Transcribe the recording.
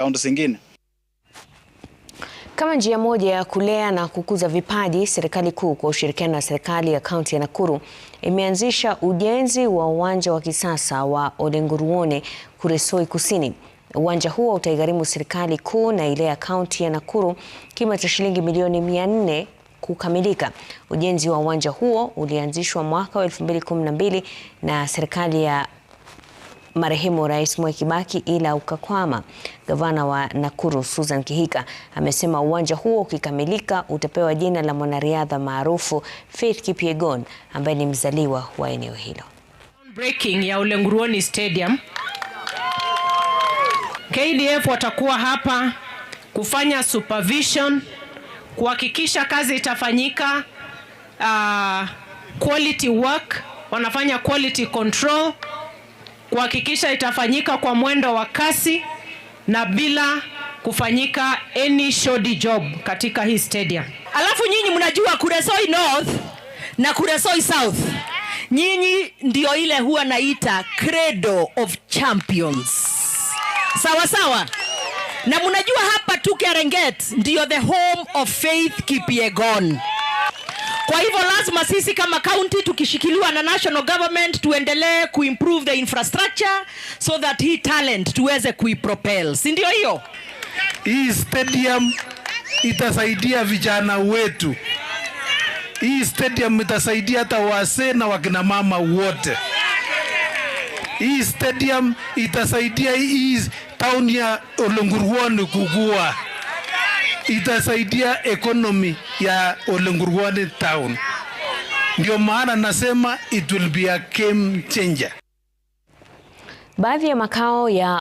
kaundi zingine. Kama njia moja ya kulea na kukuza vipaji, serikali kuu kwa ushirikiano na serikali ya kaunti ya Nakuru imeanzisha ujenzi wa uwanja wa kisasa wa Olenguruone Kuresoi Kusini. Uwanja huo utaigharimu serikali kuu na ile ya kaunti ya Nakuru kima cha shilingi milioni 400 kukamilika. Ujenzi wa uwanja huo ulianzishwa mwaka wa 2012 na serikali ya marehemu Rais Mwai Kibaki ila ukakwama. Gavana wa Nakuru Susan Kihika amesema uwanja huo ukikamilika utapewa jina la mwanariadha maarufu Faith Kipyegon ambaye ni mzaliwa wa eneo hilo. Breaking ya Olenguruoni Stadium. KDF watakuwa hapa kufanya supervision, kuhakikisha kazi itafanyika, uh, quality work, wanafanya quality control kuhakikisha itafanyika kwa mwendo wa kasi na bila kufanyika any shoddy job katika hii stadium. Alafu nyinyi mnajua Kuresoi North na Kuresoi South, nyinyi ndio ile huwa naita credo of champions, sawa sawa na mnajua hapa tu Keringet ndio the home of Faith Kipyegon. Kwa hivyo lazima sisi kama county tukishikiliwa na national government tuendelee kuimprove the infrastructure so that hii talent tuweze kuipropel, si ndio? Hiyo hii stadium itasaidia vijana wetu, hii stadium itasaidia hata wasee na wakinamama wote. Hii stadium itasaidia hii town ya Olonguruoni kukua itasaidia economy ya Olengurwani town. Ndio maana nasema it will be a game changer. Baadhi ya makao ya